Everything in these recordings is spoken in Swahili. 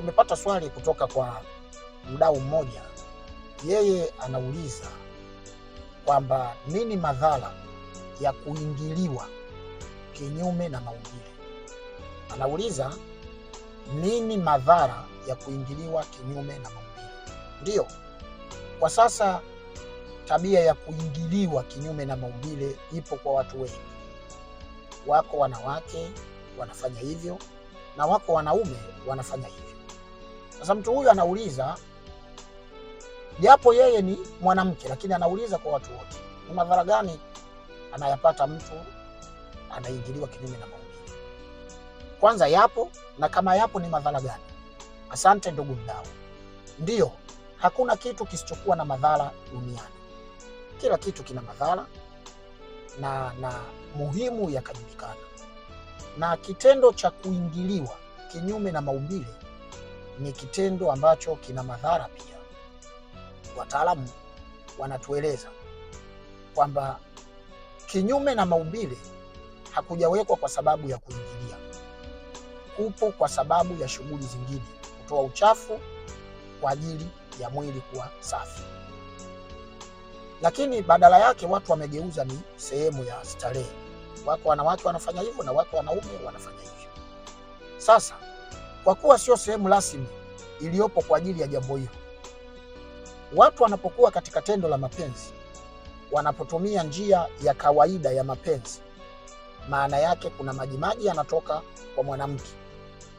tumepata swali kutoka kwa mdau mmoja, yeye anauliza kwamba nini madhara ya kuingiliwa kinyume na maumbile. Anauliza nini madhara ya kuingiliwa kinyume na maumbile. Ndiyo, kwa sasa tabia ya kuingiliwa kinyume na maumbile ipo kwa watu wengi. Wako wanawake wanafanya hivyo na wako wanaume wanafanya hivyo. Sasa mtu huyu anauliza, japo yeye ni mwanamke, lakini anauliza kwa watu wote, ni madhara gani anayapata mtu anaingiliwa kinyume na maumbile? Kwanza yapo, na kama yapo ni madhara gani? Asante ndugu mdau. Ndiyo, hakuna kitu kisichokuwa na madhara duniani. Kila kitu kina madhara na, na muhimu yakajulikana, na kitendo cha kuingiliwa kinyume na maumbile ni kitendo ambacho kina madhara pia. Wataalamu wanatueleza kwamba kinyume na maumbile hakujawekwa kwa sababu ya kuingilia, upo kwa sababu ya shughuli zingine, kutoa uchafu kwa ajili ya mwili kuwa safi, lakini badala yake watu wamegeuza ni sehemu ya starehe. Wako wanawake wanafanya hivyo na wako wanaume wanafanya hivyo. Sasa kwa kuwa sio sehemu rasmi iliyopo kwa ajili ya jambo hilo, watu wanapokuwa katika tendo la mapenzi, wanapotumia njia ya kawaida ya mapenzi, maana yake kuna majimaji yanatoka kwa mwanamke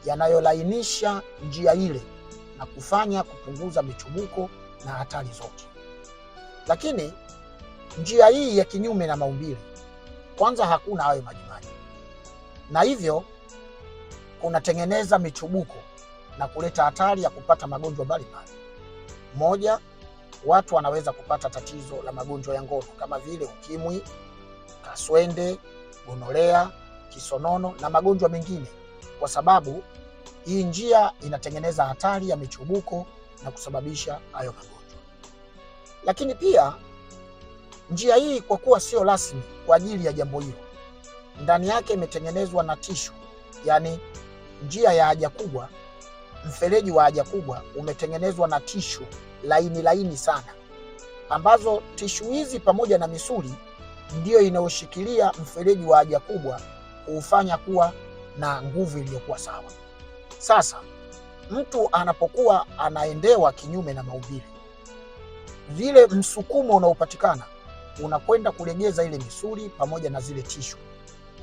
yanayolainisha njia ile na kufanya kupunguza michubuko na hatari zote. Lakini njia hii ya kinyume na maumbile, kwanza hakuna hayo majimaji, na hivyo unatengeneza michubuko na kuleta hatari ya kupata magonjwa mbalimbali. Moja, watu wanaweza kupata tatizo la magonjwa ya ngono kama vile ukimwi, kaswende, gonorea, kisonono na magonjwa mengine, kwa sababu hii njia inatengeneza hatari ya michubuko na kusababisha hayo magonjwa. Lakini pia njia hii kwa kuwa sio rasmi kwa ajili ya jambo hilo, ndani yake imetengenezwa na tishu, yani njia ya haja kubwa, mfereji wa haja kubwa umetengenezwa na tishu laini laini sana, ambazo tishu hizi pamoja na misuli ndiyo inayoshikilia mfereji wa haja kubwa kuufanya kuwa na nguvu iliyokuwa sawa. Sasa mtu anapokuwa anaendewa kinyume na maumbile, vile msukumo unaopatikana unakwenda kulegeza ile misuli pamoja na zile tishu,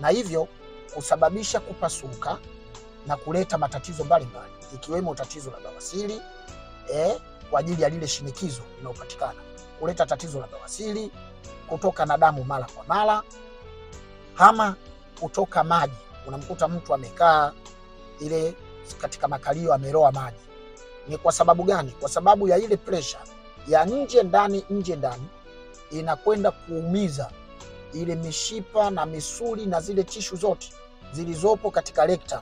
na hivyo kusababisha kupasuka na kuleta matatizo mbalimbali ikiwemo tatizo la bawasiri eh, kwa ajili ya lile shinikizo linalopatikana kuleta tatizo la bawasiri, kutoka na damu mara kwa mara, ama kutoka maji. Unamkuta mtu amekaa ile katika makalio ameroa maji. Ni kwa sababu gani? Kwa sababu ya ile pressure ya nje ndani, nje ndani, inakwenda kuumiza ile mishipa na misuli na zile tishu zote zilizopo katika rectum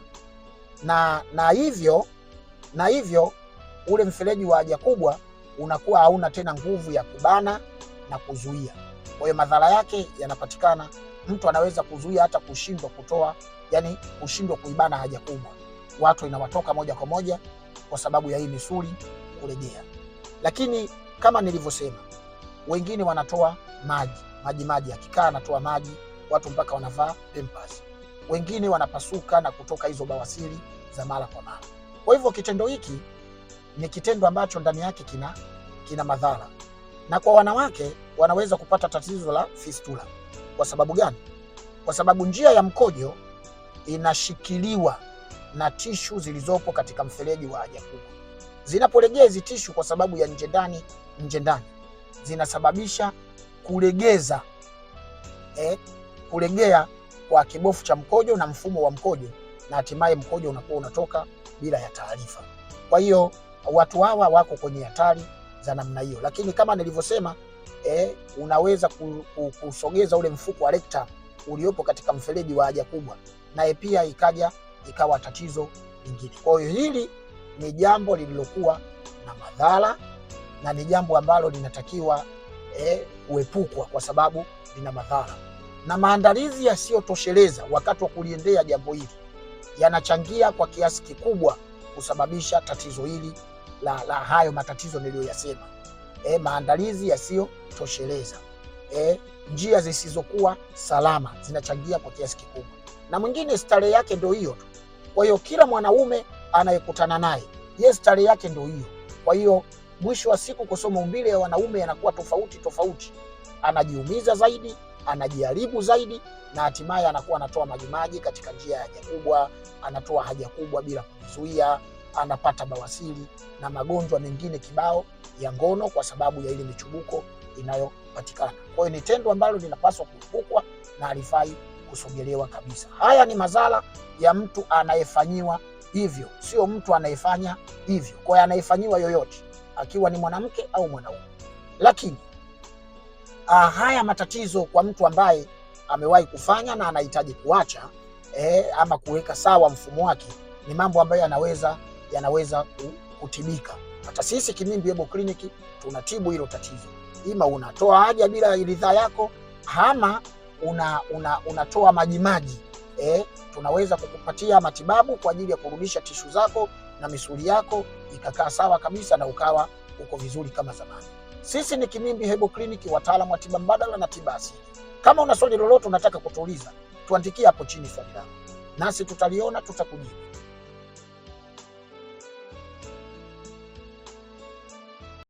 na, na hivyo na hivyo ule mfereji wa haja kubwa unakuwa hauna tena nguvu ya kubana na kuzuia. Kwa hiyo madhara yake yanapatikana, mtu anaweza kuzuia hata kushindwa kutoa, yani kushindwa kuibana haja kubwa, watu inawatoka moja kwa moja kwa sababu ya hii misuli kurejea. Lakini kama nilivyosema, wengine wanatoa maji maji maji, akikaa anatoa maji, watu mpaka wanavaa pampers wengine wanapasuka na kutoka hizo bawasiri za mara kwa mara. Kwa hivyo kitendo hiki ni kitendo ambacho ndani yake kina, kina madhara, na kwa wanawake wanaweza kupata tatizo la fistula. Kwa sababu gani? Kwa sababu njia ya mkojo inashikiliwa na tishu zilizopo katika mfereji wa haja kubwa. Zinapolegea hizi tishu kwa sababu ya nje ndani nje ndani zinasababisha kulegeza eh, kulegea kwa kibofu cha mkojo na mfumo wa mkojo, na hatimaye mkojo unakuwa unatoka bila ya taarifa. Kwa hiyo watu hawa wako kwenye hatari za namna hiyo, lakini kama nilivyosema, eh, unaweza kusogeza ule mfuko wa rekta uliopo katika mfereji wa haja kubwa, naye pia ikaja ikawa tatizo lingine. Kwa hiyo hili ni jambo lililokuwa na madhara na ni jambo ambalo linatakiwa eh, kuepukwa kwa sababu lina madhara na maandalizi yasiyotosheleza wakati wa kuliendea jambo hili yanachangia kwa kiasi kikubwa kusababisha tatizo hili la, la hayo matatizo niliyoyasema. E, maandalizi yasiyotosheleza e, njia zisizokuwa salama zinachangia kwa kiasi kikubwa, na mwingine starehe yake ndo hiyo tu. Kwa hiyo kila mwanaume anayekutana naye ye starehe yake ndo hiyo. Kwa hiyo mwisho wa siku, kusoma umbile ya wanaume yanakuwa tofauti tofauti, anajiumiza zaidi anajaribu zaidi na hatimaye anakuwa anatoa majimaji katika njia ya haja kubwa, anatoa haja kubwa bila kujizuia, anapata bawasiri na magonjwa mengine kibao ya ngono kwa sababu ya ile michubuko inayopatikana. Kwa hiyo ni tendo ambalo linapaswa kuepukwa na halifai kusogelewa kabisa. Haya ni madhara ya mtu anayefanyiwa hivyo, sio mtu anayefanya hivyo. Kwa hiyo anayefanyiwa yoyote, akiwa ni mwanamke au mwanaume, lakini uh, haya matatizo kwa mtu ambaye amewahi kufanya na anahitaji kuacha eh, ama kuweka sawa mfumo wake, ni mambo ambayo yanaweza yanaweza kutibika. Hata sisi Kimimbi Herbal Clinic tunatibu hilo tatizo, ima unatoa haja bila ridhaa yako ama una, una, unatoa majimaji eh, tunaweza kukupatia matibabu kwa ajili ya kurudisha tishu zako na misuli yako ikakaa sawa kabisa na ukawa uko vizuri kama zamani. Sisi ni Kimimbi Hebo Kliniki, wataalamu wa tiba mbadala na tiba asili. Kama una swali lolote unataka kutuuliza, tuandikie hapo chini swali lako, nasi tutaliona, tutakujibu.